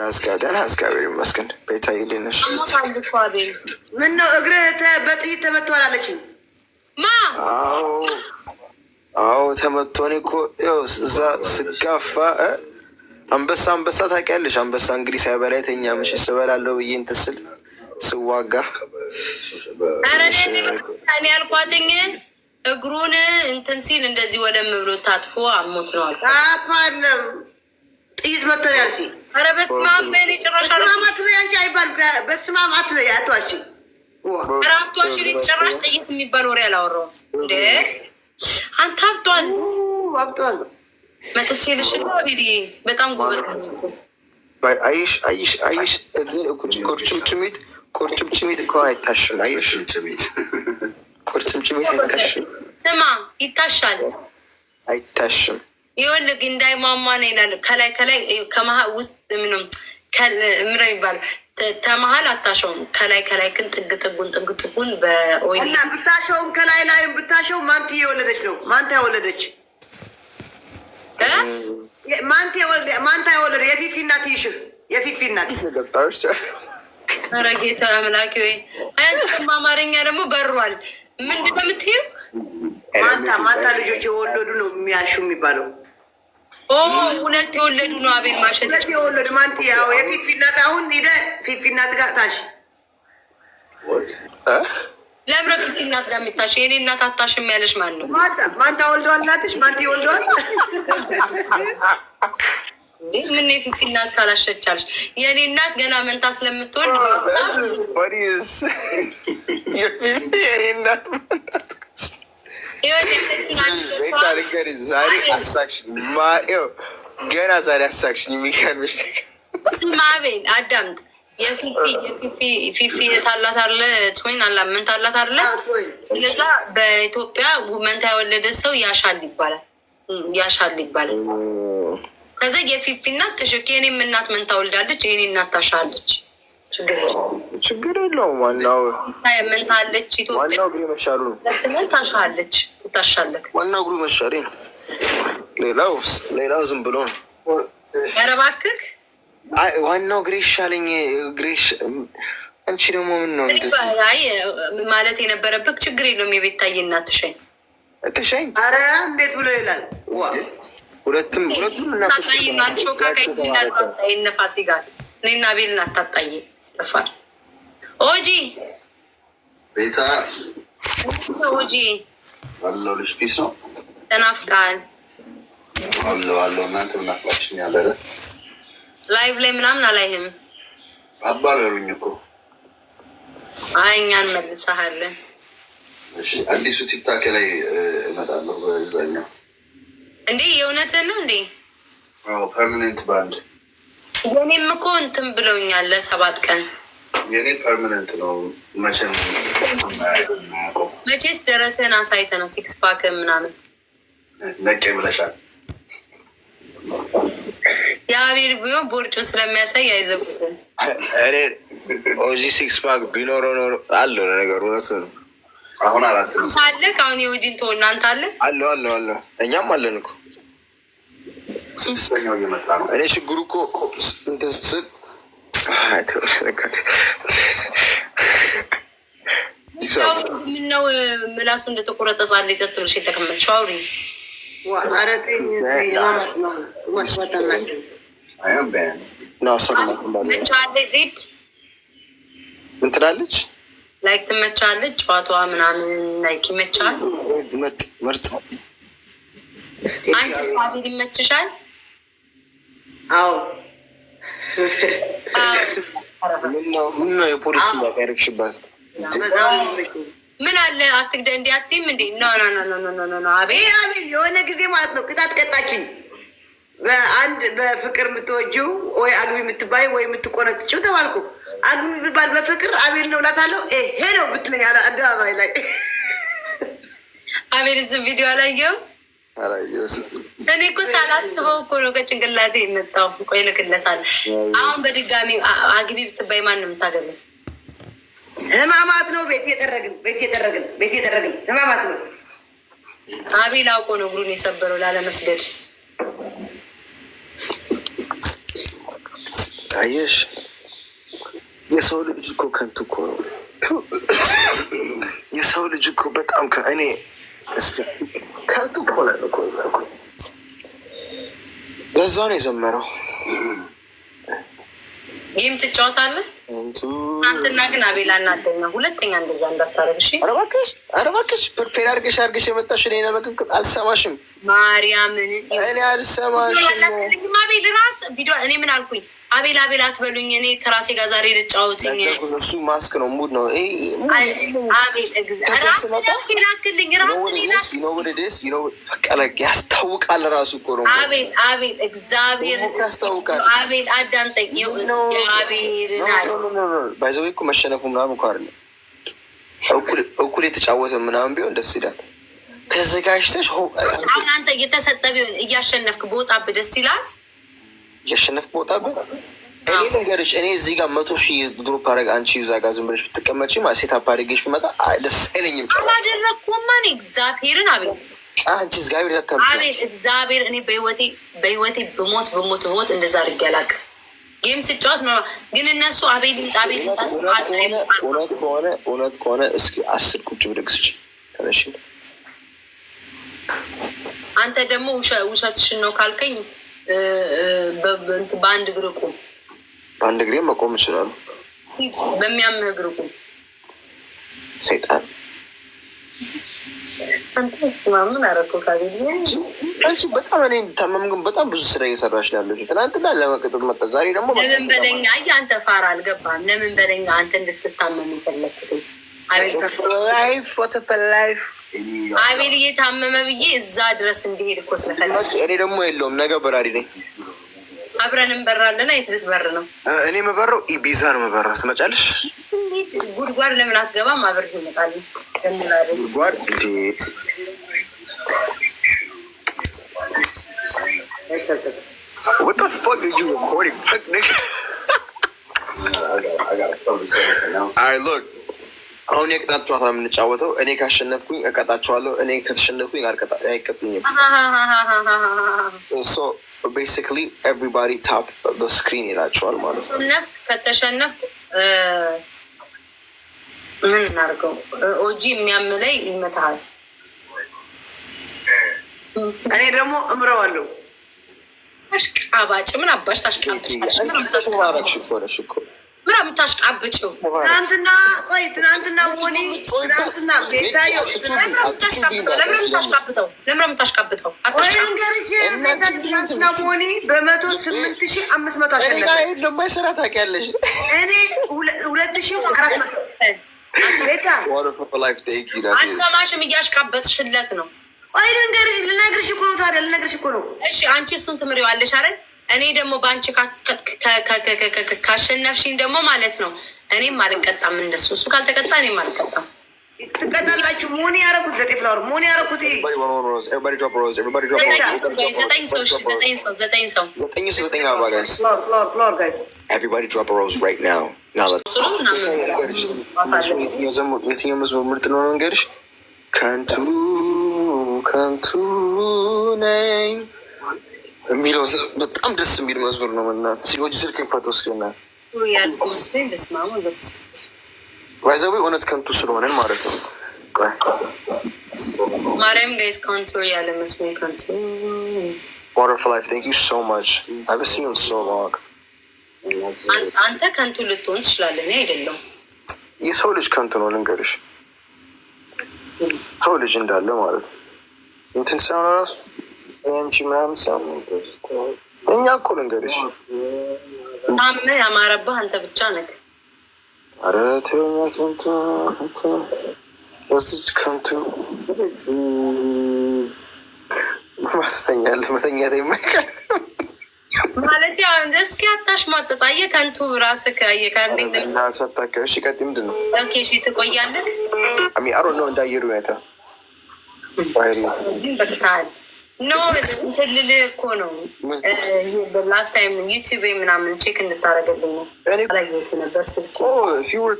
ናስካደን እግዚአብሔር ይመስገን። ቤታዬ እንዴት ነሽ? ምነው እግርህ በጥይት ተመቷል አለችኝ። አዎ ተመቶ እኔ እኮ ያው እዛ ስጋፋ አንበሳ አንበሳ ታውቂያለሽ? አንበሳ እንግዲህ ሳይበላ የተኛ ምሽ ስበላለው ብዬ እንትን ስል ስዋጋ እኔ እግሩን እንትን ሲል እንደዚህ ወለም ብሎ ታጥፎ አሞት ነው አልኳት። ጥይት መጥቷል ያልሽኝ ኧረ በስመ አብ በእኔ ጭራሽ አትበይ አንቺ አይባልም። በስመ አብ አትበይ አትዋሽኝ። ኧረ አትዋሽኝ። እኔ ጭራሽ ጥይት የሚባል ወሬ አላወራሁም። እንደ አንተ አብጧል አብጧል መጥቼ ነው ቤሪ በጣም ጎበዝ ነው። አይሽ አይሽ አይሽ ቁርጭምጭሚት ቁርጭምጭሚት እንኳን አይታሽም። አይሽ ቁርጭምጭሚት አይታሽም። ስማ ይታሻል አይታሽም ይኸውልህ እንዳይሟሟ ነው ይላል። ከላይ ከላይ ከመሀል ውስጥ ምንም ምረ ይባል ተመሀል አታሸውም። ከላይ ከላይ ግን ጥግ ጥጉን ጥግ ጥጉን በኦይል ብታሸውም ከላይ ላይ ብታሸው ማንቲ የወለደች ነው። ማንታ የወለደች ማንታ ያወለደ የፊፊ እናት ይሽ የፊፊ እናት ረጌተ አምላኪ ወይ አያችሁም። አማርኛ ደግሞ በሯል። ምንድን ነው የምትይው? ማንታ ማንታ ልጆች የወለዱ ነው የሚያሹ የሚባለው ሁለት የወለዱ ነው። አቤል ማሸት ሁለት የወለዱ ማንቲ ያው የፊፊ አሁን ሄደ ፊፊ ጋር ታሽ ለምረ ፊፊ ጋር የሚታሽ የኔ እናት አታሽም ያለሽ ማን ነው? ማንታ ወልደዋል። እናትሽ ማንቲ ወልደዋል። ምን የፊፊ ካላሸቻለሽ የእኔ እናት ገና መንታ ስለምትወልድ የፊፊ የኔ እናት ዛሬ አሳቅሽኝ። ገና ዛሬ አሳቅሽኝ። የሚገርምሽ ስማ፣ አቤል አዳምጥ። የፊፊ ታላት አለ ትወይን አላ ምን ታላት አለ። ለዛ በኢትዮጵያ መንታ የወለደ ሰው ያሻል ይባላል፣ ያሻል ይባላል። ከዚ የፊፊ እናት ትሽክ የኔም እናት መንታ ወልዳለች፣ የኔ እናት ታሻለች። ችግር የለውም። ዋናው ምንታለች ዋናው እግሬ መሻሉ ነው። ታሻለች ታሻለች። ዋናው እግሩ መሻሪ ነው። ሌላው ሌላው ዝም ብሎ ነው። ኧረ እባክህ ዋናው እግሬ ይሻለኝ እግሬ። አንቺ ደግሞ ምን ነው ማለት የነበረብህ። ችግር የለውም። የቤት እናት ትሸኝ ትሸኝ። ኧረ እንዴት ብሎ ይላል። ሁለቱም ሁለቱም እናቶች ናቸው። ይነፋሲ ጋር እኔና ቤል አታጣዬ ጠፋል። ኦጂ ቤታ ኦጂ አለው ልጅ ፒስ ነው። ተናፍቃል አለው አለው። እናንተ ምናፍቃችን ያለረ ላይቭ ላይ ምናምን አላይህም። አባረሩኝ እኮ አይ እኛን መልሰሃለን። አዲሱ ቲክታክ ላይ እመጣለሁ። በዛኛው እንዴ የእውነትን ነው እንዴ ፐርማኔንት ባንድ የኔም እኮ እንትን ብለውኛል ለሰባት ቀን የኔ ፐርማነንት ነው። መቼስ ደረስህን አሳይተን ሲክስ ፓክ ምናምን ነቄ ብለሻል። የአቤል ቢሆን ቦርጮ ስለሚያሳይ አይዘጉትም። እኔ ኦጂ ሲክስ ፓክ ቢኖረ ኖሮ አለው ለነገሩ እውነት ነው። አሁን አራት ነው አለ። አሁን የኦጂን ተወናንት አለ አለ አለ አለ እኛም አለን እኮ ሶስተኛው እየመጣ ነው። እኔ ችግሩ እኮ ምነው ምላሱ እንደተቆረጠ ጻለ ጸጥ የተቀመጥሽ አውሪ። ምን ትላለች? ላይክ ትመቻለች፣ ጨዋታዋ ምናምን ላይክ ይመቻል። ምርጥ አንቺ ሳቢ ይመችሻል አዎ ምነው የፖሊስ ጥያቄ ያደረግሽባት? ምን አለ አትግደ እንዲ አትይም እንዴ? ኖ ኖ የሆነ ጊዜ ማለት ነው ቅጣት ቀጣችኝ። አንድ በፍቅር የምትወጂው ወይ አግቢ የምትባይ ወይ የምትቆነጥጪው ተባልኩ። አግቢ ብባል በፍቅር አቤል ነው እላታለሁ። ይሄ ነው ብትለኝ አደባባይ ላይ አቤል ዝም ቪዲዮ አላየሁም እኔ እኮ ሳላስበው እኮ ነው ከጭንቅላቴ የመጣው። እኮ ይልክለታል። አሁን በድጋሚ አግቢ ብትባይ ማን ነው የምታገቢው? ህማማት ነው ቤት የጠረግን ቤት የጠረግን ቤት የጠረግን ህማማት ነው። አቤል አውቆ ነው እግሩን የሰበረው ላለመስገድ። አየሽ፣ የሰው ልጅ እኮ ከንቱ እኮ ነው። የሰው ልጅ እኮ በጣም ከእኔ ከንቱ እኮ ነው እኮ በዛ ነው የዘመረው። ይህም ትጫወታለህ። አንተና ግን አቤላ እናደኛ ሁለተኛ እንደዛ እንዳታረግሽ። ኧረ እባክሽ ፕሪፔር አድርገሽ አድርገሽ የመጣሽ ሌላ በቅቅጥ አልሰማሽም። ማርያምን እኔ አልሰማሽም። አቤል ቪዲዮ እኔ ምን አልኩኝ አቤል አቤል አትበሉኝ። እኔ ከራሴ ጋር ዛሬ ልጫወትኝ። እሱ ማስክ ነው ሙድ ነው። ያስታውቃል ራሱ እኮ ነው። አቤል አቤል እግዚአብሔር ያስታውቃል። አቤል አዳምጠኝ። ባይዘዌ እኮ መሸነፉ ምናምን እኮ አይደለም እኩል የተጫወተ ምናምን ቢሆን ደስ ይላል። ተዘጋጅተሽ አሁን አንተ እየተሰጠ ቢሆን እያሸነፍክ በወጣብህ ደስ ይላል። የሸነፍ ቦታ እኔ ነገሮች እኔ እዚህ ጋር መቶ ሺህ ድሮፕ አረግ አንቺ ዛ ጋር ዝም ብለሽ ብትቀመጭ ሴት አፓሪጌሽ ብመጣ ደስ አይለኝም። አላደረግኩማ እኔ እግዚአብሔርን አቤት አንቺ እግዚአብሔር አቤት እግዚአብሔር እኔ በህይወቴ በህይወቴ ብሞት ብሞት ብሞት እንደዛ አድርጌ አላውቅም። ጌም ስጫወት ነው ግን እነሱ አቤት አቤት እውነት ከሆነ እውነት ከሆነ እስኪ አስር ቁጭ ብድግ ስጭ ተነሽ። አንተ ደግሞ ውሸትሽን ነው ካልከኝ በአንድ እግር ቁም። በአንድ እግሬ መቆም ይችላሉ። በሚያምህ እግር ቁም። ሰይጣን አንተ ምን አደረኩ? አንቺ በጣም እኔ ታመም፣ ግን በጣም ብዙ ስራ እየሰራች ያለች ትናንትና ለመቅጠት መጠ ዛሬ ደግሞ ለምን በለኛ? አይ አንተ ፋራ አልገባም። ለምን በለኛ? አንተ እንድትታመም ይፈለግ አቤት ፎቶ ላይፍ አቤል እየታመመ ብዬ እዛ ድረስ እንዲሄድ እኮ ስለፈለኩ እኔ ደግሞ የለውም ነገ በራሪ ነኝ። አብረን እንበራለን። የት ልትበር ነው? እኔ የምበረው ኢቢዛ ነው የምበራ። ትመጫለሽ? ጉድጓድ ለምን አትገባም? አብር ይመጣል። ጉድጓድ አሁን የቅጣት ጨዋታ ነው የምንጫወተው። እኔ ካሸነፍኩኝ እቀጣቸዋለሁ፣ እኔ ከተሸነፍኩኝ አይቀጡኝም። ሶ ቤሲክሊ ኤቭሪባዲ ታፕ ዘ ስክሪን ይላቸዋል ማለት ነው። ከተሸነፍኩ ምን እናርገው? ኦጂ የሚያምለይ ይመታል። እኔ ደግሞ እምረዋለሁ። አሽቃባጭ ምን አባሽ ታሽቃባጭ? ምን የምታሽቃብጭው? ትናንትና ቆይ ትናንትና ሆኔ ትናንትና ለምን የምታሽቃብጠው? ንገርሽ ትናንትና ሆኔ በመቶ ስምንት ሺ አምስት መቶ አሸነፈ። ስራ ታውቂያለሽ። እኔ ሁለት ሺ አራት መቶ እያሽቃበጥሽለት ነው። ቆይ ልንገርሽ፣ ልነግርሽ እኮ ነው። ታዲያ ልነግርሽ እኮ ነው። እሺ አንቺ እሱን ትምሪዋለሽ አይደል? እኔ ደግሞ በአንቺ ካሸነፍሽኝ ደግሞ ማለት ነው እኔም አልቀጣም እንደሱ። እሱ ካልተቀጣ እኔም አልቀጣም። ትቀጠላችሁ መሆን ያረኩት ዘጠኝ ፍላወር ያረኩት የትኛው መዝሙር ምርጥ ነው? መንገድሽ ከንቱ ከንቱ ነኝ የሚለው በጣም ደስ የሚል መዝሙር ነው። ምናት ሲሎጅ ስልክን ፈቶ ስገናል ባይዘዊ እውነት ከንቱ ስለሆነን ማለት ነው። ማርያም ጋይዝ ከንቱ ያለ መስሎኝ ከንቱ ዋተርፍላይ ቴንክ ዩ ሶ ማች አብስኒም ሶ ሎንግ አንተ ከንቱ ልትሆን ትችላለህ፣ እኔ አይደለም። የሰው ልጅ ከንቱ ነው ልንገርሽ፣ ሰው ልጅ እንዳለ ማለት ነው እንትን ሳይሆን ራሱ የአንቺ ምናምን ሰው እኛ እኮ ልንገርሽ ታመ ያማረብህ አንተ ብቻ ነክ ኧረ ተኛ ከንቱ ወስጅ ከንቱ ማስተኛለ መተኛት የማይቀር ማለት ያው እስኪ አታሽ አታሽሟጥጥ። አየ ከንቱ ራስህ አየህ። እሺ ቀጥ ምንድን ነው? ኦኬ እሺ፣ ትቆያለህ። አሚ አሮ ነው እንዳየሩ በቅታል ኖ ትልል እኮ ነው። ላስት ታይም ዩቲዩብ ምናምን ቼክ ነበር ስልክ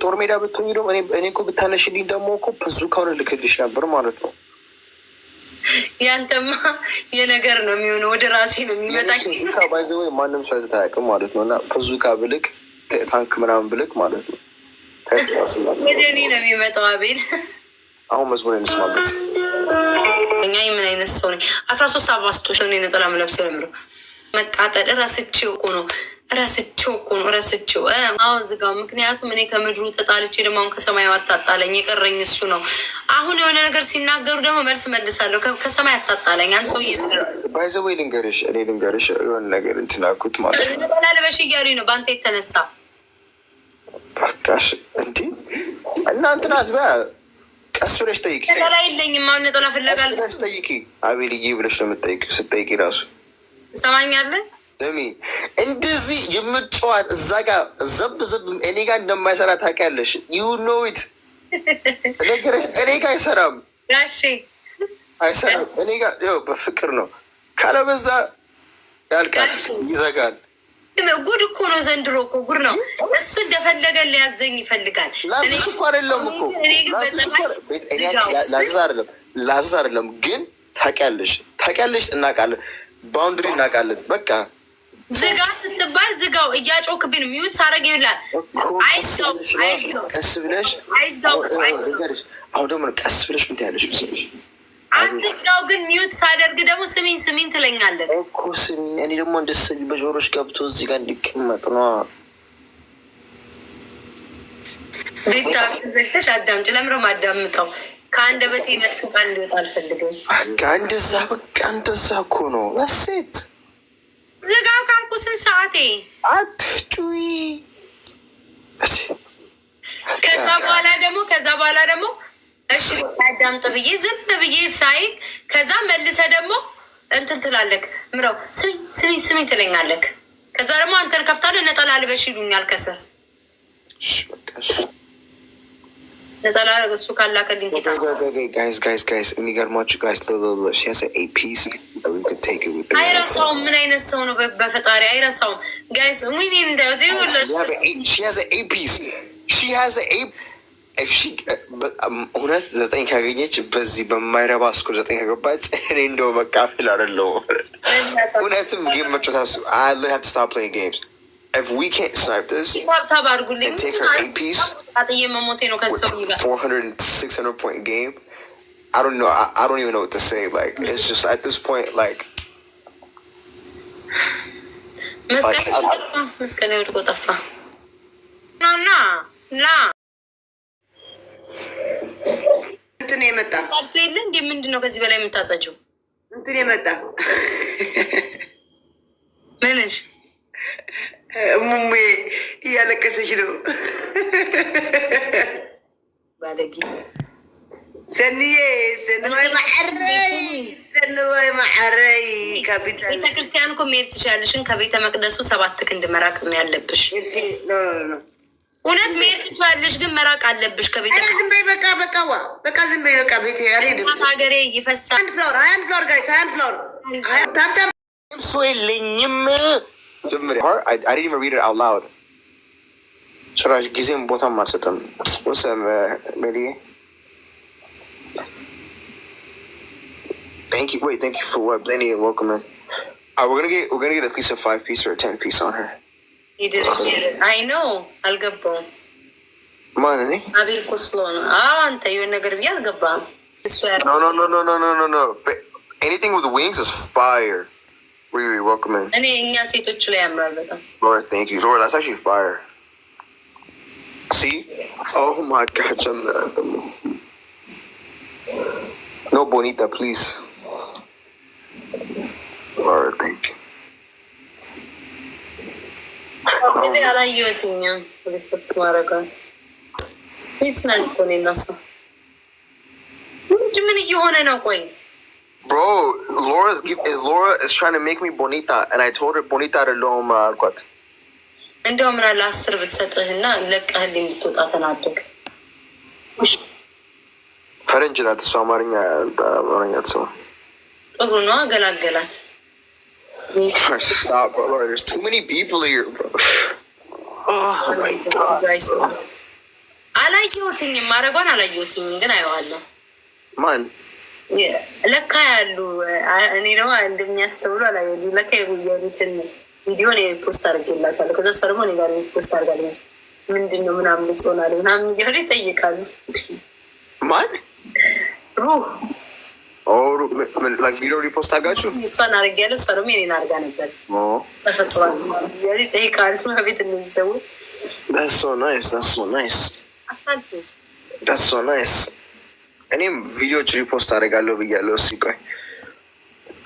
ጦር ሜዳ ብትሆኝ ደግሞ እኔ እኮ ብታነሽልኝ ደግሞ እኮ ብዙ ከሆነ ልክልሽ ነበር ማለት ነው። ያንተማ የነገር ነው የሚሆነ ወደ ራሴ ነው የሚመጣኝ። ወይ ማንም ሰው አይተታያቅም ማለት ነው እና ብዙ ካብልክ ታንክ ምናምን ብልክ ማለት ነው ወደ እኔ ነው የሚመጣው። አቤል አሁን መዝሙር እንስማበት ኦሮምኛ ምን አይነት ሰው ነኝ? አስራ ሶስት አባስቶች ስቶች ነው ነጠላ ምለብሰው የምለው መቃጠል እረስቼው እኮ ነው እረስቼው እኮ ነው እረስቼው አሁን ዝጋው። ምክንያቱም እኔ ከምድሩ ተጣልቼ ደግሞ አሁን ከሰማይ አታጣለኝ፣ የቀረኝ እሱ ነው። አሁን የሆነ ነገር ሲናገሩ ደግሞ መልስ መልሳለሁ። ከሰማይ አታጣለኝ። አንድ ሰው ባይዘወይ ልንገርሽ፣ እኔ ልንገርሽ የሆነ ነገር እንትናኩት አልኩት ማለት ነው። ነጠላ እያሉኝ ነው በአንተ የተነሳ በቃሽ እንዲህ እናንትና እንትን እሱ ነሽ ጠይቂ። ጠይቂ አቤልዬ ብለሽ ነው የምትጠይቂው። ስትጠይቂ ራሱ ሰማኛለን። እሚ እንደዚህ የምትጨዋት እዛ ጋ ዘብ ዘብ እኔ ጋ እንደማይሰራ ታውቂያለሽ። ዩ ኖ ኢት ነገረሽ። እኔ ጋ አይሰራም አይሰራም። እኔ ጋር በፍቅር ነው ካለበዛ ያልቃል፣ ይዘጋል ጉድ እኮ ነው ዘንድሮ እኮ ጉድ ነው። እሱ እንደፈለገ ሊያዘኝ ይፈልጋል። ላዝዝ እኮ አይደለም እኮ ላዝዝ አይደለም ላዝዝ አይደለም ግን ታውቂያለሽ፣ ታውቂያለሽ፣ እናውቃለን፣ ባውንድሪ እናውቃለን። በቃ ዝጋ ስትባል ዝጋው። እያጮክብን ሚዩት ሳረግ ይላል። ቀስ ብለሽ አሁን ደግሞ ቀስ ብለሽ ምን ትያለሽ? አትስጋው ግን ሚዩት ሳደርግ ደግሞ ስሚኝ ስሚኝ ትለኛለን እኮ ስሚኝ። እኔ ደግሞ እንደስ በጆሮች ገብቶ እዚህ ጋር እንዲቀመጥ ነው። ቤታ ዘግተሽ አዳምጭ። ለምረ አዳምጠው ከአንድ በት መጥ ቃል እንዲወጣ አልፈልግም። እንደዛ በቃ እንደዛ እኮ ነው። በሴት ዝጋው ካልኩ ስንት ሰዓቴ አትጩይ። ከዛ በኋላ ደግሞ ከዛ በኋላ ደግሞ እሺ አዳምጥ ብዬ ዝም ብዬ ሳይ ከዛ መልሰ ደግሞ እንትን ትላለክ ምረው ስሚ ስሚ ትለኛለክ። ከዛ ደግሞ አንተን ከፍታለ ነጠላ ልበሽ ይሉኛል ከስር ነጠላ እሱ ካላከልኝ ጋይስ የሚገርማችሁ ጋይስ አይረሳውም። ምን አይነት ሰው ነው? በፈጣሪ አይረሳውም ጋይስ ኤፍሺ እውነት ዘጠኝ ካገኘች በዚህ በማይረባ ስኩል ዘጠኝ ከገባች እኔ እንደው መቃፈል አደለው። እውነትም ጌም መጫወት መስቀል ጠፋ እና ና እንትን የመጣ ፋልቶ የለ እንዴ? ምንድን ነው ከዚህ በላይ የምታሳቸው? እንትን የመጣ ምንሽ ሙሜ እያለቀሰች ነው። ባለጊ ሰንዬ ሰንወይ ማዕረይ ሰንወይ ማዕረይ። ቤተክርስቲያን እኮ መሄድ ትችያለሽን። ከቤተ መቅደሱ ሰባት ክንድ መራቅ ነው ያለብሽ። እውነት መሄድ ትችላለሽ፣ ግን መራቅ አለብሽ ከቤት። ዝም በይ በቃ በቃ ዋ በቃ ዝም በይ በቃ ቤት አልሄድም። ሀገሬ ይፈሳል። አንድ ፍላወር አንድ ፍላወር ጋይስ አንድ ፍላወር ታምታም እሱ የለኝም ጀምሪያ አይ ዲድንት ሪድ ኢት አውት ላውድ ጭራሽ ጊዜም ቦታም አልሰጠም። ውሰም ሜሊ Thank you. Wait, thank you for what? Blaney and welcome in. Uh, we're gonna get we're gonna get at least a five piece or a ten piece on her. አይኖ አልገባውም። ማን እኔ? አቤል እኮ ስለሆነ አንተ የሆነ ነገር ብዬ አልገባም። እሱ ኤኒቲንግ ዊዝ ዊንግስ ኢዝ ፋየር እኔ እኛ ሴቶች ላይ ያምራል በጣም። ኖ ቦኒታ ፕሊዝ አላየሁትም። ሪፖርት እኮ ምን እየሆነ ነው? ቆይ bro Laura's is Laura is trying to make me bonita and I told her bonita አይደለሁም አልኳት። እንደው ምን አለ አስር ብትሰጥህና ለቀህልኝ ብትወጣ ተናደግ። ፈረንጅ ናት እሷ አማርኛ አማርኛ አትሰማም። ጥሩ ነው አገላገላት። Stop, bro. Lord, there's too many people here, bro. Oh my God. አላየሁትኝ ማድረጓን አላየሁትኝ፣ ግን አየዋለሁ። ማን ለካ ያሉ እኔ ደግሞ እንደሚያስተውሉ አላየሁም። ለካ የጉያሉትን ቪዲዮን ፖስት አድርጌላታለሁ። ከዛ እሷ ደግሞ እኔ ጋር ፖስት አድርጋለች። ምንድን ነው ምናምን ልትሆናለች ምናምን እያሉ ይጠይቃሉ። ማን ሩህ ቪዲዮ ሪፖስት አጋችሁ እሷን አድርጌያለሁ። እሷ ደግሞ የኔን አድርጋ ነበር። ተፈጥሯል። ይሄ ቤት እነዚህ ሰዎች ናይስ። እኔም ቪዲዮች ሪፖስት አደርጋለሁ ብያለሁ። እስኪ ቆይ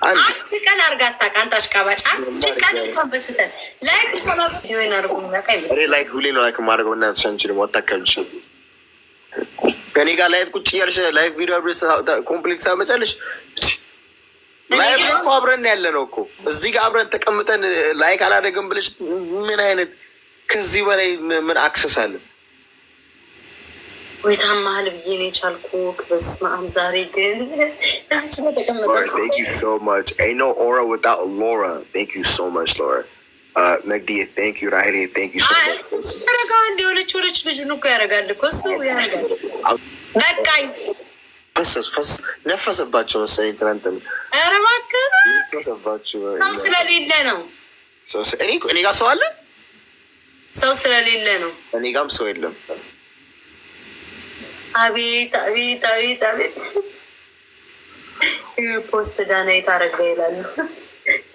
አንድ ቀን አርጋታ ከአንተ አሽቃባጭ አንድ ቀን እንኳን በስተን ላይክ ላይክ ሁሌ ነው ላይክ ማድረግ ምናምን አንችልም። ከኔ ጋር ላይፍ ቁጭ እያልሽ ላይፍ ቪዲዮ አብረሽ ኮምፕሌክስ አመጫለሽ። ላይፍ እኮ አብረን ያለ ነው እኮ እዚህ ጋር አብረን ተቀምጠን ላይክ አላደረግም ብለሽ ምን አይነት ከዚህ በላይ ምን አክሰስ አለ? ወይ ታማህል ብዬ ነው የቻልኩ። በስመ አብ ዛሬ ግን እዚች በተቀመጠ ነግዲዬ ንክ ዩ ራሄ ንክ ዩ ረጋ እንዲሆነች ወለች ልጁን እኮ ያደርጋል እኮ እሱ ያደርጋል በቃኝ። ነፈሰባቸው መሰለኝ ትናንት ሰው ስለሌለ ነው። እኔ ሰው አለ፣ ሰው ስለሌለ ነው። እኔ ሰው የለም። አቤት አቤት አቤት አቤት! ፖስት ዳና ይላሉ።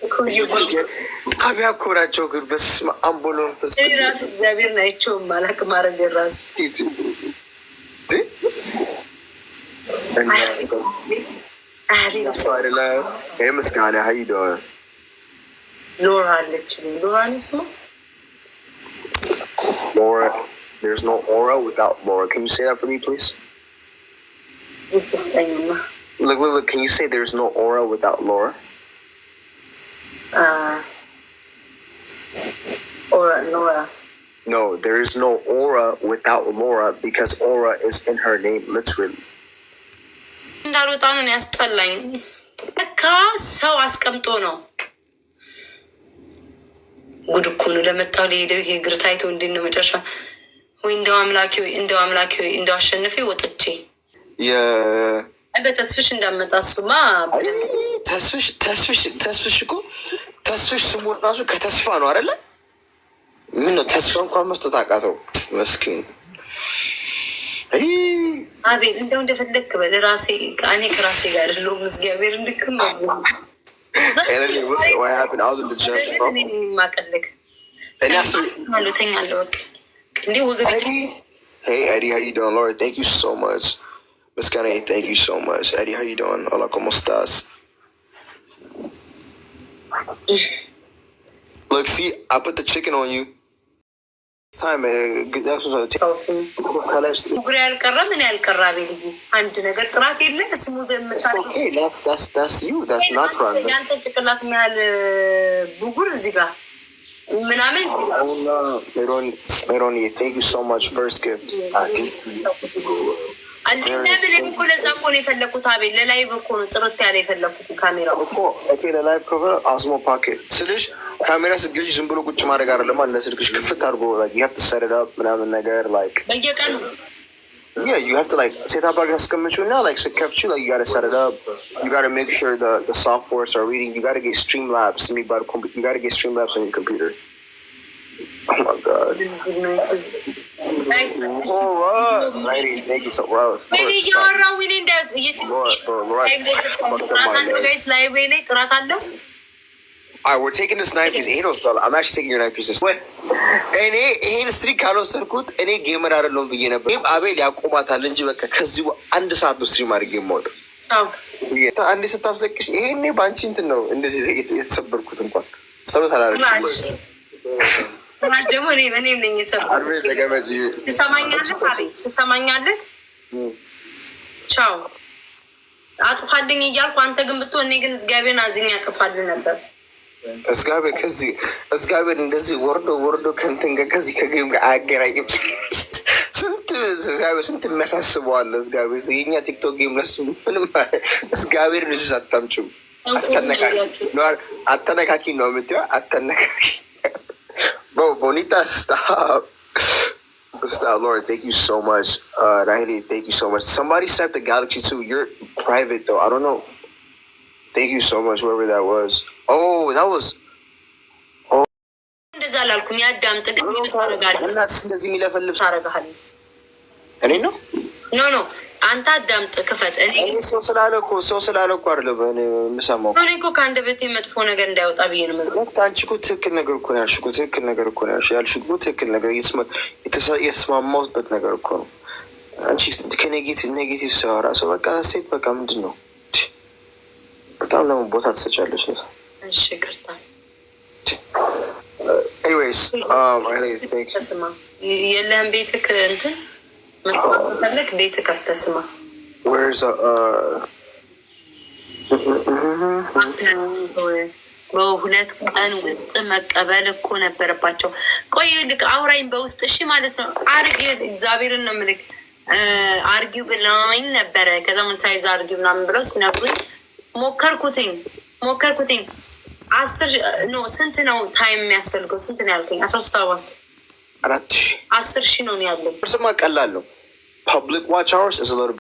እኮ ናቸው ግን በስመ አብ እግዚአብሔር ማረግ ራሱ sorry to know. Hey, Muskana, how you doing? Laura, literally. Laura, so? Laura, there's no aura without Laura. Can you say that for me, please? It's the same. Look, look, look. Can you say there's no aura without Laura? Uh, aura, Laura. No, there is no aura without Laura because aura is in her name, literally. እንዳልወጣ ነው ያስጠላኝ። ለካ ሰው አስቀምጦ ነው። ጉድ እኮ ነው ለመታው ለሄደው ይሄ እግር ታይቶ እንዴት ነው መጨረሻ? ወይ እንደው አምላኪ ወይ እንደው አምላኪ ወይ እንደው አሸነፌ ወጥቼ በተስፍሽ እንዳመጣ ሱማ ተስፍሽ ተስፍሽ ተስፍሽ እኮ ተስፍሽ ስሙ ራሱ ከተስፋ ነው አይደለ? ምን ነው ተስፋ እንኳን መስጠት አቃተው መስኪን አቤል እንደው እንደፈለክ በል። ራሴ እኔ ከራሴ ጋር አይደለሁም። እግዚአብሔር እንድክም ማቀልግ ተኛለሁ። Hey Eddie, how you doing? Laura, thank you so much. Miss Kanye, thank you so much. Eddie, how you doing? Hola, ¿cómo estás? Look, see, I put the chicken on you. ጉግሬ ምን ያልቀራ አንድ ነገር ጥራት የለ ስሙ የምታያንተ ጭቅላት ያህል እዚህ ጋር ምናምን የፈለኩት። አቤል ለላይቭ እኮ ነው ጥርት ያለ የፈለኩት ካሜራ እኮ ለላይቭ ስልሽ ካሜራ ስትገዢ ዝም ብሎ ቁጭ ማድረግ አይደለም አለ ስልክሽ ክፍት አድርጎ ምናምን ነገር ላይክ በየቀኑ Yeah, you have to like set up like now, like like you gotta set it up. You gotta make sure the, the softwares are reading, you gotta get streamlabs you gotta get streamlabs on your computer. Oh my god. thank you so much. you ወር ቴኪንግ ስ ናይን ፒስ ይሄን ወስዷል። አም አክቹዋሊ ቴኪንግ ናይን ፒስ እኔ ይሄን ስትሪክ ካልወሰድኩት እኔ ጌመር አይደለሁም ብዬ ነበር። ይህም አቤል ያቆማታል እንጂ በቃ ከዚህ አንድ ሰዓት ነው ስትሪም አድርጌ የማወጣ አንዴ ስታስለቅሽ ይሄኔ በአንቺ እንትን ነው እንደዚህ የተሰበርኩት። እንኳን ጸሎት አላደረግሽም ቻው አጥፋልኝ እያልኩ አንተ ግን ብትሆን እኔ ግን እግዚአብሔርን አዝኛ አጥፋልህ ነበር። እግዚአብሔር ከዚህ እግዚአብሔር እንደዚህ ወርዶ ወርዶ ከንትን ጋር ከዚህ ከገም ጋር አያገናኝም። ስንት እግዚአብሔር ስንት የሚያሳስበዋለ እግዚአብሔር የኛ ቲክቶክ ጌም ለሱ ምንም እግዚአብሔር ልጁ አታምጭም። አተነካኪ ነው የምትይው አተነካኪ ቦኒታ ስታ Lord, thank you so much. Uh, Rahili, thank you so much. Somebody sent the Galaxy 2. You're private, though. I don't know. Thank you so much, whoever that was. Oh, that was. Oh. እንደዛ አላልኩም። ያዳምጥ ግን እናትስ እንደዚህ እኔ ነው ኖ ኖ አንተ አዳምጥ፣ ክፈት። እኔ ሰው ስላለ እኮ ሰው ስላለ እኮ አይደለም የምሰማው። እኔ እኮ ከአንድ መጥፎ ነገር እንዳይወጣ ብዬ ነው። አንቺ እኮ ትክክል ነገር እኮ ነው ትክክል ነገር እኮ ነው እኮ ትክክል ነገር የተስማማሁበት ነገር እኮ ነው። አንቺ ከኔጌቲቭ ኔጌቲቭ ሰው ራሱ በቃ ሴት በቃ ምንድን ነው በጣም ለምን ቦታ ትሰጫለች? እሺ ይቅርታ። ኤኒዌይስ um, የለህም ቤትህ uh, በሁለት ቀን ውስጥ መቀበል እኮ ነበረባቸው። ቆይ ልክ አውራኝ በውስጥ እሺ ማለት ነው። አርጊ እግዚአብሔርን ነው ምልክ አርጊው ብለውኝ ነበረ። ከዛ ምንታይዛ አርጊው ምናምን ብለው ሲነግሩኝ ሞከርኩትኝ ሞከርኩትኝ አስር ኖ ስንት ነው ታይም የሚያስፈልገው? ስንት ነው ያልከኝ? አስራ ሶስት አዋስ አራት ሺ አስር ሺ ነው ያለኝ። ስማ ቀላለሁ ፐብሊክ ዋች አወርስ